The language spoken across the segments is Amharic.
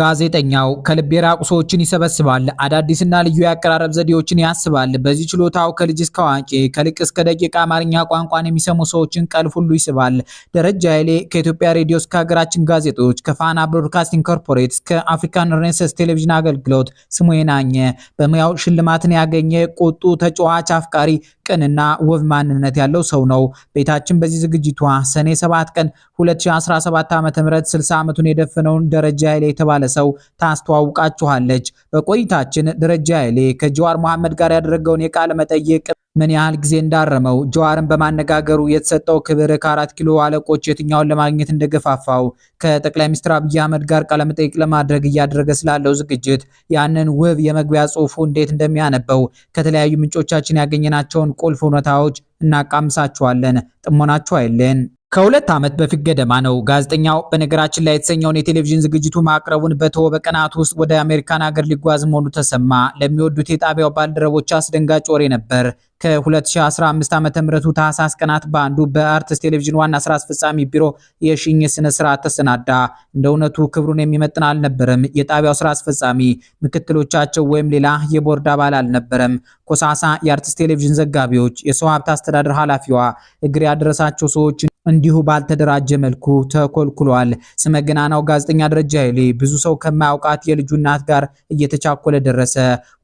ጋዜጠኛው ከልብ የራቁ ሰዎችን ይሰበስባል። አዳዲስና ልዩ የአቀራረብ ዘዴዎችን ያስባል። በዚህ ችሎታው ከልጅ እስከ አዋቂ፣ ከልቅ እስከ ደቂቅ አማርኛ ቋንቋን የሚሰሙ ሰዎችን ቀልፍ ሁሉ ይስባል። ደረጃ ኃይሌ ከኢትዮጵያ ሬዲዮ እስከ ሀገራችን ጋዜጦች፣ ከፋና ብሮድካስቲንግ ኮርፖሬት እስከ አፍሪካን ሬኔሰንስ ቴሌቪዥን አገልግሎት ስሙ የናኘ በሙያው ሽልማትን ያገኘ ቁጡ ተጫዋች አፍቃሪ ቅንና ውብ ማንነት ያለው ሰው ነው። ቤታችን በዚህ ዝግጅቷ ሰኔ 7 ቀን 2017 ዓ.ም 60 ዓመቱን የደፈነውን ደረጀ ኃይሌ የተባለ ሰው ታስተዋውቃችኋለች። በቆይታችን ደረጀ ኃይሌ ከጀዋር መሐመድ ጋር ያደረገውን የቃለ መጠይቅ ምን ያህል ጊዜ እንዳረመው ጀዋርን በማነጋገሩ የተሰጠው ክብር ከአራት ኪሎ አለቆች የትኛውን ለማግኘት እንደገፋፋው ከጠቅላይ ሚኒስትር አብይ አህመድ ጋር ቃለመጠይቅ ለማድረግ እያደረገ ስላለው ዝግጅት ያንን ውብ የመግቢያ ጽሑፉ እንዴት እንደሚያነበው ከተለያዩ ምንጮቻችን ያገኘናቸውን ቁልፍ እውነታዎች እናቃምሳችኋለን። ጥሞናችሁ አይለን ከሁለት ዓመት በፊት ገደማ ነው። ጋዜጠኛው በነገራችን ላይ የተሰኘውን የቴሌቪዥን ዝግጅቱ ማቅረቡን በተወ በቀናት ውስጥ ወደ አሜሪካን ሀገር ሊጓዝ መሆኑ ተሰማ። ለሚወዱት የጣቢያው ባልደረቦች አስደንጋጭ ወሬ ነበር። ከ2015 ዓ ም ታህሳስ ቀናት በአንዱ በአርትስ ቴሌቪዥን ዋና ስራ አስፈጻሚ ቢሮ የሽኝ ስነ ስርዓት ተሰናዳ። እንደ እውነቱ ክብሩን የሚመጥን አልነበረም። የጣቢያው ስራ አስፈጻሚ፣ ምክትሎቻቸው ወይም ሌላ የቦርድ አባል አልነበረም። ኮሳሳ የአርትስ ቴሌቪዥን ዘጋቢዎች፣ የሰው ሀብት አስተዳደር ኃላፊዋ፣ እግር ያደረሳቸው ሰዎች እንዲሁ ባልተደራጀ መልኩ ተኮልኩሏል። ስመገናናው ጋዜጠኛ ደረጃ ኃይሌ ብዙ ሰው ከማያውቃት የልጁ እናት ጋር እየተቻኮለ ደረሰ፣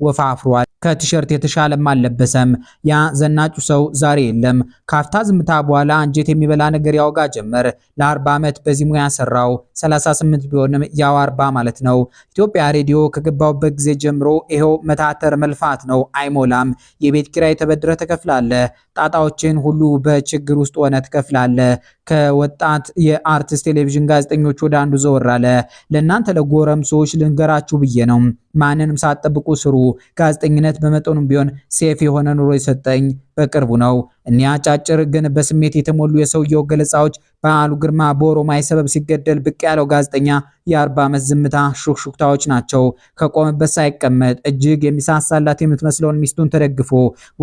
ወፋፍሯል። ከቲሸርት የተሻለም አልለበሰም። ያ ዘናጩ ሰው ዛሬ የለም። ካፍታ ዝምታ በኋላ አንጀት የሚበላ ነገር ያወጋ ጀመር። ለ40 ዓመት በዚህ ሙያ ሰራው። 38 ቢሆንም ያው 40 ማለት ነው። ኢትዮጵያ ሬዲዮ ከገባውበት ጊዜ ጀምሮ ይኸው መታተር መልፋት ነው። አይሞላም። የቤት ኪራይ ተበድረ ትከፍላለ። ጣጣዎችን ሁሉ በችግር ውስጥ ሆነ ትከፍላለ። ከወጣት የአርቲስት ቴሌቪዥን ጋዜጠኞች ወደ አንዱ ዘወር አለ። ለእናንተ ለጎረምሶች ልንገራችሁ ብዬ ነው። ማንንም ሳትጠብቁ ስሩ። ጋዜጠኝነት በመጠኑም ቢሆን ሴፍ የሆነ ኑሮ የሰጠኝ በቅርቡ ነው። እኒያ አጫጭር ግን በስሜት የተሞሉ የሰውየው ገለጻዎች በዓሉ ግርማ በኦሮማይ ሰበብ ሲገደል ብቅ ያለው ጋዜጠኛ የአርባ ዓመት ዝምታ ሹክሹክታዎች ናቸው። ከቆመበት ሳይቀመጥ እጅግ የሚሳሳላት የምትመስለውን ሚስቱን ተደግፎ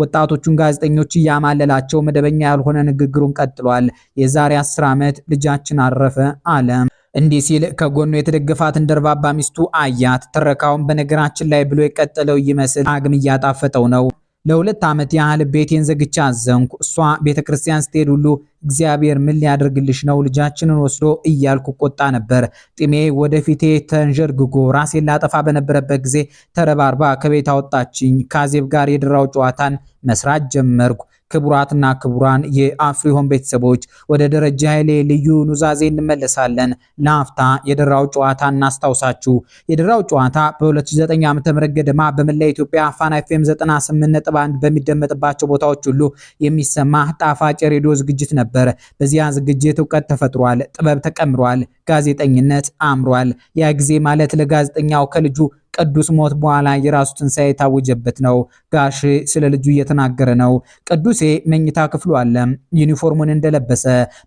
ወጣቶቹን ጋዜጠኞች እያማለላቸው መደበኛ ያልሆነ ንግግሩን ቀጥሏል። የዛሬ አስር ዓመት ልጃችን አረፈ አለ። እንዲህ ሲል ከጎኑ የተደገፋት እንደርባባ ሚስቱ አያት። ትረካውን በነገራችን ላይ ብሎ የቀጠለው ይመስል አግም እያጣፈጠው ነው። ለሁለት ዓመት ያህል ቤቴን ዘግቻ አዘንኩ። እሷ ቤተ ክርስቲያን ስትሄድ ሁሉ እግዚአብሔር ምን ሊያደርግልሽ ነው ልጃችንን ወስዶ እያልኩ ቆጣ ነበር። ጢሜ ወደፊቴ ተንዠርግጎ ራሴን ላጠፋ በነበረበት ጊዜ ተረባርባ ከቤት አወጣችኝ። ካዜብ ጋር የድራው ጨዋታን መስራት ጀመርኩ። ክቡራትና ክቡራን የአፍሪሆን ቤተሰቦች ወደ ደረጀ ኃይሌ ልዩ ኑዛዜ እንመለሳለን። ለአፍታ የደራው ጨዋታ እናስታውሳችሁ። የደራው ጨዋታ በ2009 ዓ.ም ገደማ በመላ ኢትዮጵያ ፋና ኤፍኤም 98.1 በሚደመጥባቸው ቦታዎች ሁሉ የሚሰማ ጣፋጭ የሬዲዮ ዝግጅት ነበር። በዚያ ዝግጅት እውቀት ተፈጥሯል፣ ጥበብ ተቀምሯል፣ ጋዜጠኝነት አምሯል። ያ ጊዜ ማለት ለጋዜጠኛው ከልጁ ቅዱስ ሞት በኋላ የራሱ ትንሣኤ የታወጀበት ነው። ጋሽ ስለ ልጁ እየተናገረ ነው። ቅዱሴ መኝታ ክፍሉ አለ። ዩኒፎርሙን እንደለበሰ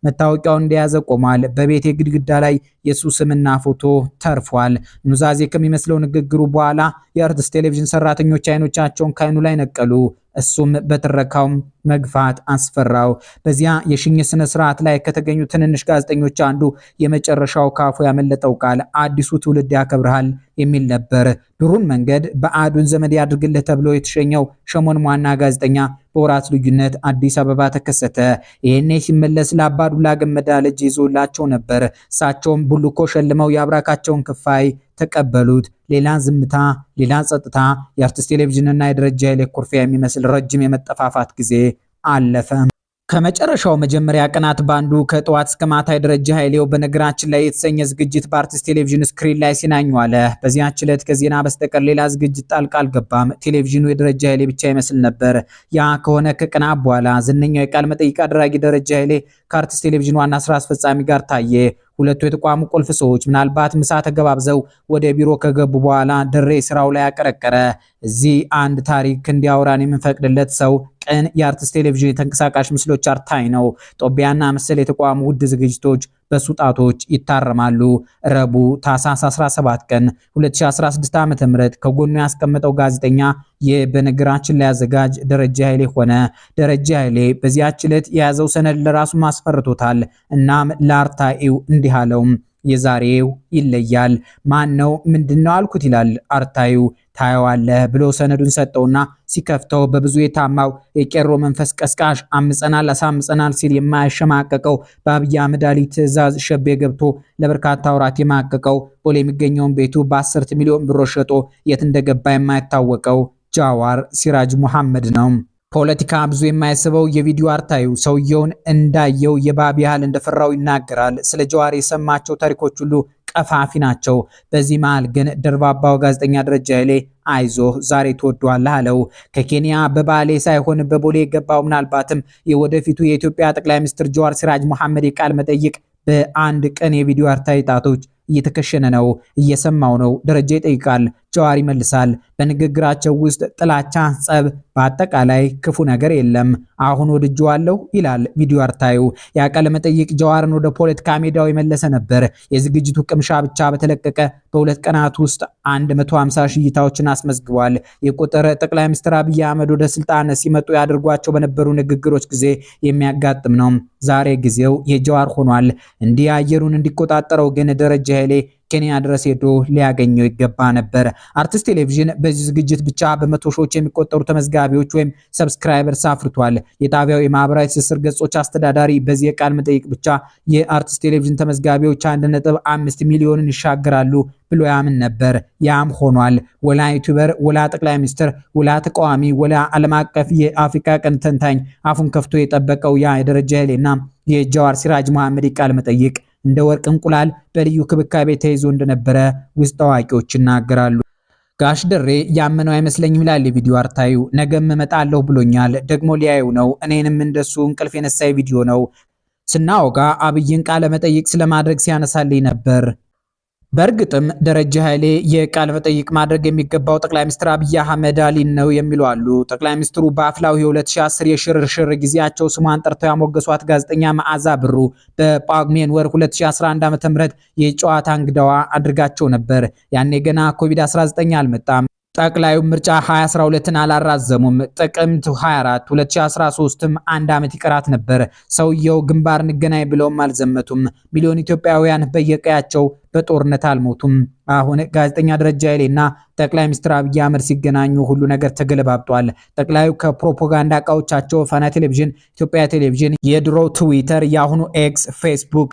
መታወቂያውን እንደያዘ ቆሟል። በቤቴ ግድግዳ ላይ የሱ ስምና ፎቶ ተርፏል። ኑዛዜ ከሚመስለው ንግግሩ በኋላ የአርትስ ቴሌቪዥን ሰራተኞች አይኖቻቸውን ከአይኑ ላይ ነቀሉ። እሱም በትረካውም መግፋት አስፈራው። በዚያ የሽኝት ስነ ስርዓት ላይ ከተገኙ ትንንሽ ጋዜጠኞች አንዱ የመጨረሻው ካፎ ያመለጠው ቃል አዲሱ ትውልድ ያከብርሃል የሚል ነበር። ዱሩን መንገድ በአዱን ዘመድ ያድርግልህ ተብሎ የተሸኘው ሸሞን ዋና ጋዜጠኛ በወራት ልዩነት አዲስ አበባ ተከሰተ። ይህኔ ሲመለስ ለአባዱላ ገመዳ ልጅ ይዞላቸው ነበር። እሳቸውም ቡልኮ ሸልመው የአብራካቸውን ክፋይ ተቀበሉት። ሌላ ዝምታ፣ ሌላ ጸጥታ። የአርቲስት ቴሌቪዥንና የደረጃ ኃይሌ ኩርፊያ የሚመስል ረጅም የመጠፋፋት ጊዜ አለፈ። ከመጨረሻው መጀመሪያ ቀናት ባንዱ ከጠዋት እስከ ማታ የደረጃ ኃይሌው በነገራችን ላይ የተሰኘ ዝግጅት በአርቲስት ቴሌቪዥን ስክሪን ላይ ሲናኝ ዋለ። በዚያች ዕለት ከዜና በስተቀር ሌላ ዝግጅት ጣልቃ አልገባም። ቴሌቪዥኑ የደረጃ ኃይሌ ብቻ ይመስል ነበር። ያ ከሆነ ከቅና በኋላ ዝነኛው የቃለ መጠይቅ አድራጊ ደረጃ ኃይሌ ከአርቲስት ቴሌቪዥን ዋና ስራ አስፈጻሚ ጋር ታየ። ሁለቱ የተቋሙ ቁልፍ ሰዎች ምናልባት ምሳ ተገባብዘው ወደ ቢሮ ከገቡ በኋላ ድሬ ስራው ላይ ያቀረቀረ። እዚህ አንድ ታሪክ እንዲያወራን የምንፈቅድለት ሰው ቅን የአርትስ ቴሌቪዥን የተንቀሳቃሽ ምስሎች አርታይ ነው። ጦቢያና ምስል የተቋሙ ውድ ዝግጅቶች በሱጣቶች ይታረማሉ። ረቡዕ ታኅሳስ 17 ቀን 2016 ዓ.ም ከጎኑ ያስቀመጠው ጋዜጠኛ ይህ በነገራችን ላይ አዘጋጅ ደረጀ ኃይሌ ሆነ። ደረጀ ኃይሌ በዚያች ዕለት የያዘው ሰነድ ለራሱ አስፈርቶታል። እናም ለአርታኢው እንዲህ አለው፣ የዛሬው ይለያል። ማን ነው ምንድነው አልኩት ይላል አርታኢው ታየዋለህ ብሎ ሰነዱን ሰጠውና ሲከፍተው በብዙ የታማው የቄሮ መንፈስ ቀስቃሽ አምፀናል አሳምፀናል ሲል የማያሸማቀቀው በአብይ አህመድ አሊ ትዕዛዝ ሸቤ ገብቶ ለበርካታ ወራት የማቀቀው ቦሌ የሚገኘውን ቤቱ በአስርት ሚሊዮን ብሮ ሸጦ የት እንደገባ የማይታወቀው ጃዋር ሲራጅ ሙሐመድ ነው። ፖለቲካ ብዙ የማይስበው የቪዲዮ አርታዩ ሰውየውን እንዳየው የባብ ያህል እንደፈራው ይናገራል። ስለ ጀዋር የሰማቸው ታሪኮች ሁሉ ቀፋፊ ናቸው። በዚህ መሃል ግን ደርባባው ጋዜጠኛ ደረጃ ኃይሌ አይዞ ዛሬ ትወዷለህ አለው። ከኬንያ በባሌ ሳይሆን በቦሌ የገባው ምናልባትም የወደፊቱ የኢትዮጵያ ጠቅላይ ሚኒስትር ጀዋር ሲራጅ መሐመድ የቃል መጠይቅ በአንድ ቀን የቪዲዮ አርታይ ጣቶች እየተከሸነ ነው። እየሰማው ነው። ደረጃ ይጠይቃል ጀዋር ይመልሳል። በንግግራቸው ውስጥ ጥላቻ፣ ጸብ፣ በአጠቃላይ ክፉ ነገር የለም። አሁን ወድጀዋለሁ ይላል ቪዲዮ አርታዩ። ያ ቃለ መጠይቅ ጀዋርን ወደ ፖለቲካ ሜዳው የመለሰ ነበር። የዝግጅቱ ቅምሻ ብቻ በተለቀቀ በሁለት ቀናት ውስጥ 150 ሺህ እይታዎችን አስመዝግቧል። ይህ ቁጥር ጠቅላይ ሚኒስትር አብይ አህመድ ወደ ስልጣን ሲመጡ ያደርጓቸው በነበሩ ንግግሮች ጊዜ የሚያጋጥም ነው። ዛሬ ጊዜው የጀዋር ሆኗል። እንዲህ አየሩን እንዲቆጣጠረው ግን ደረጀ ኃይሌ ኬንያ ድረስ ሄዶ ሊያገኘው ይገባ ነበር። አርቲስት ቴሌቪዥን በዚህ ዝግጅት ብቻ በመቶ ሺዎች የሚቆጠሩ ተመዝጋቢዎች ወይም ሰብስክራይበርስ አፍርቷል። የጣቢያው የማህበራዊ ትስስር ገጾች አስተዳዳሪ በዚህ የቃል መጠይቅ ብቻ የአርቲስት ቴሌቪዥን ተመዝጋቢዎች አንድ ነጥብ አምስት ሚሊዮንን ይሻግራሉ ብሎ ያምን ነበር። ያም ሆኗል። ወላ ዩቱበር ወላ ጠቅላይ ሚኒስትር፣ ወላ ተቃዋሚ፣ ወላ ዓለም አቀፍ የአፍሪካ ቀን ተንታኝ አፉን ከፍቶ የጠበቀው ያ የደረጃ ኃይሌና የጃዋር ሲራጅ መሐመድ ቃለ መጠይቅ እንደ ወርቅ እንቁላል በልዩ ክብካቤ ተይዞ እንደነበረ ውስጥ አዋቂዎች ይናገራሉ። ጋሽ ደሬ ያመነው አይመስለኝም ይላል የቪዲዮ አርታዩ። ነገም እመጣለሁ ብሎኛል። ደግሞ ሊያዩ ነው። እኔንም እንደሱ እንቅልፍ የነሳይ ቪዲዮ ነው። ስናወጋ አብይን ቃለ መጠይቅ ስለማድረግ ሲያነሳልኝ ነበር። በእርግጥም ደረጀ ኃይሌ የቃለ መጠይቅ ማድረግ የሚገባው ጠቅላይ ሚኒስትር አብይ አህመድ አሊን ነው የሚሉ አሉ። ጠቅላይ ሚኒስትሩ በአፍላው የ2010 የሽርሽር ጊዜያቸው ስሟን ጠርተው ያሞገሷት ጋዜጠኛ መዓዛ ብሩ በጳጉሜን ወር 2011 ዓ.ም የጨዋታ እንግዳዋ አድርጋቸው ነበር። ያኔ ገና ኮቪድ-19 አልመጣም። ጠቅላዩ ምርጫ 2012ን አላራዘሙም። ጥቅምት 24 2013ም አንድ ዓመት ይቀራት ነበር። ሰውየው ግንባር እንገናኝ ብለውም አልዘመቱም። ሚሊዮን ኢትዮጵያውያን በየቀያቸው በጦርነት አልሞቱም። አሁን ጋዜጠኛ ደረጃ ኃይሌና ጠቅላይ ሚኒስትር አብይ አህመድ ሲገናኙ ሁሉ ነገር ተገለባብጧል። ጠቅላዩ ከፕሮፓጋንዳ እቃዎቻቸው ፋና ቴሌቪዥን፣ ኢትዮጵያ ቴሌቪዥን፣ የድሮ ትዊተር፣ የአሁኑ ኤክስ፣ ፌስቡክ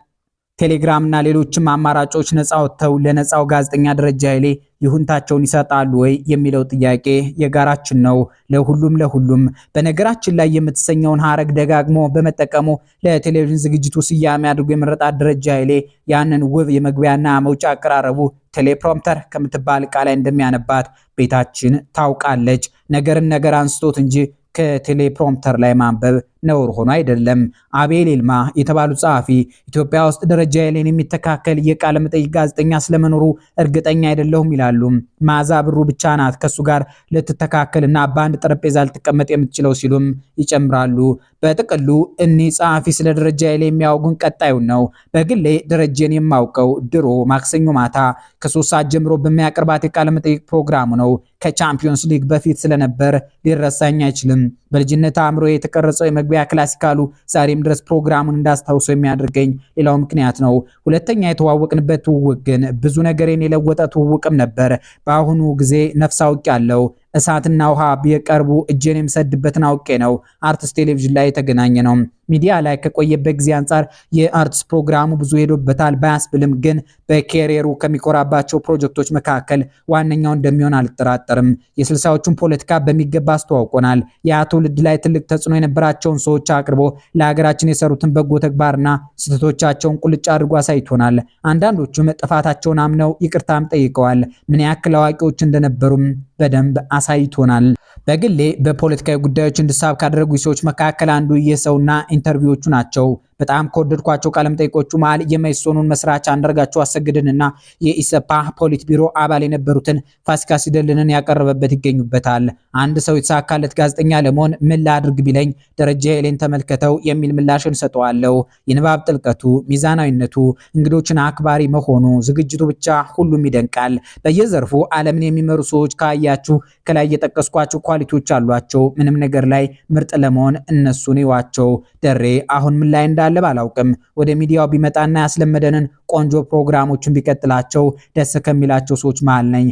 ቴሌግራም እና ሌሎችም አማራጮች ነጻ ወጥተው ለነጻው ጋዜጠኛ ደረጀ ኃይሌ ይሁንታቸውን ይሰጣሉ ወይ የሚለው ጥያቄ የጋራችን ነው። ለሁሉም ለሁሉም በነገራችን ላይ የምትሰኘውን ሀረግ ደጋግሞ በመጠቀሙ ለቴሌቪዥን ዝግጅቱ ስያሜ አድርጎ የመረጣ ደረጀ ኃይሌ ያንን ውብ የመግቢያና መውጫ አቀራረቡ ቴሌፕሮምተር ከምትባል ቃ ላይ እንደሚያነባት ቤታችን ታውቃለች። ነገርን ነገር አንስቶት እንጂ ከቴሌፕሮምተር ላይ ማንበብ ነውር ሆኖ አይደለም። አቤል ይልማ የተባሉ ጸሐፊ ኢትዮጵያ ውስጥ ደረጃ የሌን የሚተካከል የቃለ መጠይቅ ጋዜጠኛ ስለመኖሩ እርግጠኛ አይደለሁም ይላሉ። መዓዛ ብሩ ብቻ ናት ከሱ ጋር ልትተካከልና በአንድ ጠረጴዛ ልትቀመጥ የምትችለው ሲሉም ይጨምራሉ። በጥቅሉ እኒህ ጸሐፊ ስለ ደረጃ የሌ የሚያውጉን ቀጣዩን ነው። በግሌ ደረጀን የማውቀው ድሮ ማክሰኞ ማታ ከሶስት ሰዓት ጀምሮ በሚያቀርባት የቃለ መጠይቅ ፕሮግራሙ ነው። ከቻምፒዮንስ ሊግ በፊት ስለነበር ሊረሳኝ አይችልም። በልጅነት አእምሮ የተቀረጸው የመግቢያ ክላሲካሉ ዛሬም ድረስ ፕሮግራሙን እንዳስታውሰው የሚያደርገኝ ሌላው ምክንያት ነው። ሁለተኛ የተዋወቅንበት ትውውቅ ግን ብዙ ነገሬን የለወጠ ትውውቅም ነበር። በአሁኑ ጊዜ ነፍስ አውቅ ያለው እሳትና ውሃ ቢቀርቡ እጄን የምሰድበትን አውቄ ነው። አርትስ ቴሌቪዥን ላይ የተገናኘ ነው። ሚዲያ ላይ ከቆየበት ጊዜ አንጻር የአርትስ ፕሮግራሙ ብዙ ሄዶበታል ባያስብልም ግን በኬሪየሩ ከሚኮራባቸው ፕሮጀክቶች መካከል ዋነኛው እንደሚሆን አልጠራጠርም። የስልሳዎቹን ፖለቲካ በሚገባ አስተዋውቆናል። ያ ትውልድ ላይ ትልቅ ተጽዕኖ የነበራቸውን ሰዎች አቅርቦ ለሀገራችን የሰሩትን በጎ ተግባርና ስህተቶቻቸውን ቁልጭ አድርጎ አሳይቶናል። አንዳንዶቹም ጥፋታቸውን አምነው ይቅርታም ጠይቀዋል። ምን ያክል አዋቂዎች እንደነበሩም በደንብ አሳይቶናል። በግሌ በፖለቲካዊ ጉዳዮች እንድሳብ ካደረጉ ሰዎች መካከል አንዱ የሰውና ኢንተርቪዎቹ ናቸው። በጣም ከወደድኳቸው ቃለ መጠይቆቹ መሃል የመኢሶኑን መስራች አንዳርጋቸው አሰግድንና የኢሰፓ ፖሊት ቢሮ አባል የነበሩትን ፋሲካ ሲደልንን ያቀረበበት ይገኙበታል። አንድ ሰው የተሳካለት ጋዜጠኛ ለመሆን ምን ላድርግ ቢለኝ ደረጀ ኃይሌን ተመልከተው የሚል ምላሽን ሰጠዋለሁ። የንባብ ጥልቀቱ፣ ሚዛናዊነቱ፣ እንግዶችን አክባሪ መሆኑ፣ ዝግጅቱ ብቻ ሁሉም ይደንቃል። በየዘርፉ ዓለምን የሚመሩ ሰዎች ካያችሁ ከላይ የጠቀስኳቸው ኳሊቲዎች አሏቸው። ምንም ነገር ላይ ምርጥ ለመሆን እነሱን ይዋቸው። ደሬ አሁን ምን ላይ እንዳለ እንዳለ ባላውቅም ወደ ሚዲያው ቢመጣና ያስለመደንን ቆንጆ ፕሮግራሞችን ቢቀጥላቸው ደስ ከሚላቸው ሰዎች መሃል ነኝ።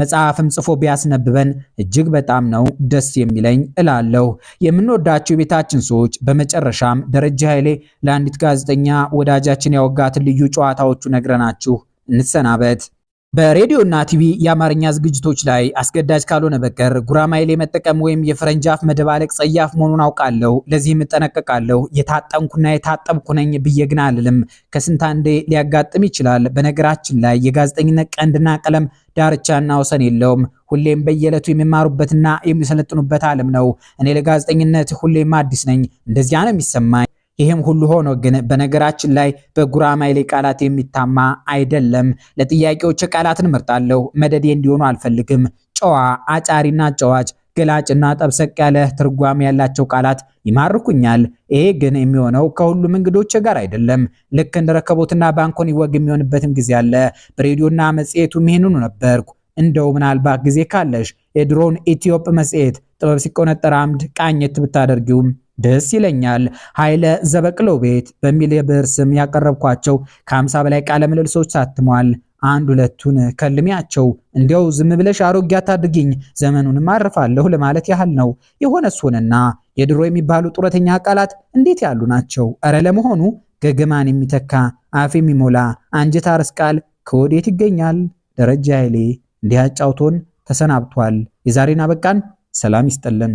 መጽሐፍም ጽፎ ቢያስነብበን እጅግ በጣም ነው ደስ የሚለኝ እላለሁ። የምንወዳቸው የቤታችን ሰዎች። በመጨረሻም ደረጀ ኃይሌ ለአንዲት ጋዜጠኛ ወዳጃችን ያወጋትን ልዩ ጨዋታዎቹ ነግረናችሁ እንሰናበት። በሬዲዮ እና ቲቪ የአማርኛ ዝግጅቶች ላይ አስገዳጅ ካልሆነ በቀር ጉራማይሌ መጠቀም ወይም የፈረንጅ አፍ መደባለቅ ጸያፍ መሆኑን አውቃለሁ። ለዚህም እጠነቀቃለሁ። የታጠንኩና የታጠብኩ ነኝ ብዬ ግን አልልም። ከስንት አንዴ ሊያጋጥም ይችላል። በነገራችን ላይ የጋዜጠኝነት ቀንድና ቀለም ዳርቻና ወሰን የለውም። ሁሌም በየዕለቱ የሚማሩበትና የሚሰለጥኑበት ዓለም ነው። እኔ ለጋዜጠኝነት ሁሌም አዲስ ነኝ። እንደዚያ ነው የሚሰማኝ። ይህም ሁሉ ሆኖ ግን በነገራችን ላይ በጉራማይሌ ቃላት የሚታማ አይደለም። ለጥያቄዎች ቃላትን እመርጣለሁ። መደዴ እንዲሆኑ አልፈልግም። ጨዋ፣ አጫሪና አጫዋች፣ ገላጭና ጠብሰቅ ያለ ትርጓሜ ያላቸው ቃላት ይማርኩኛል። ይሄ ግን የሚሆነው ከሁሉም እንግዶች ጋር አይደለም። ልክ እንደ ረከቦትና ባንኮኒ ወግ የሚሆንበትም ጊዜ አለ። በሬዲዮና መጽሔቱ ይሄንኑ ነበርኩ። እንደው ምናልባት ጊዜ ካለሽ የድሮን ኢትዮጵ መጽሔት ጥበብ ሲቆነጠር አምድ ቃኘት ብታደርጊውም ደስ ይለኛል ኃይለ ዘበቅለው ቤት በሚል የብዕር ስም ያቀረብኳቸው ከሀምሳ በላይ ቃለ ምልልሶች ታትሟል። አንድ ሁለቱን ከልሚያቸው እንዲያው ዝም ብለሽ አሮጌ አታድርጊኝ ዘመኑንም አርፋለሁ ለማለት ያህል ነው። የሆነ እሱንና የድሮ የሚባሉ ጡረተኛ ቃላት እንዴት ያሉ ናቸው? እረ ለመሆኑ ገገማን የሚተካ አፍ የሚሞላ አንጀት አርስ ቃል ከወዴት ይገኛል? ደረጀ ኃይሌ እንዲህ አጫውቶን ተሰናብቷል። የዛሬን አበቃን። ሰላም ይስጠልን።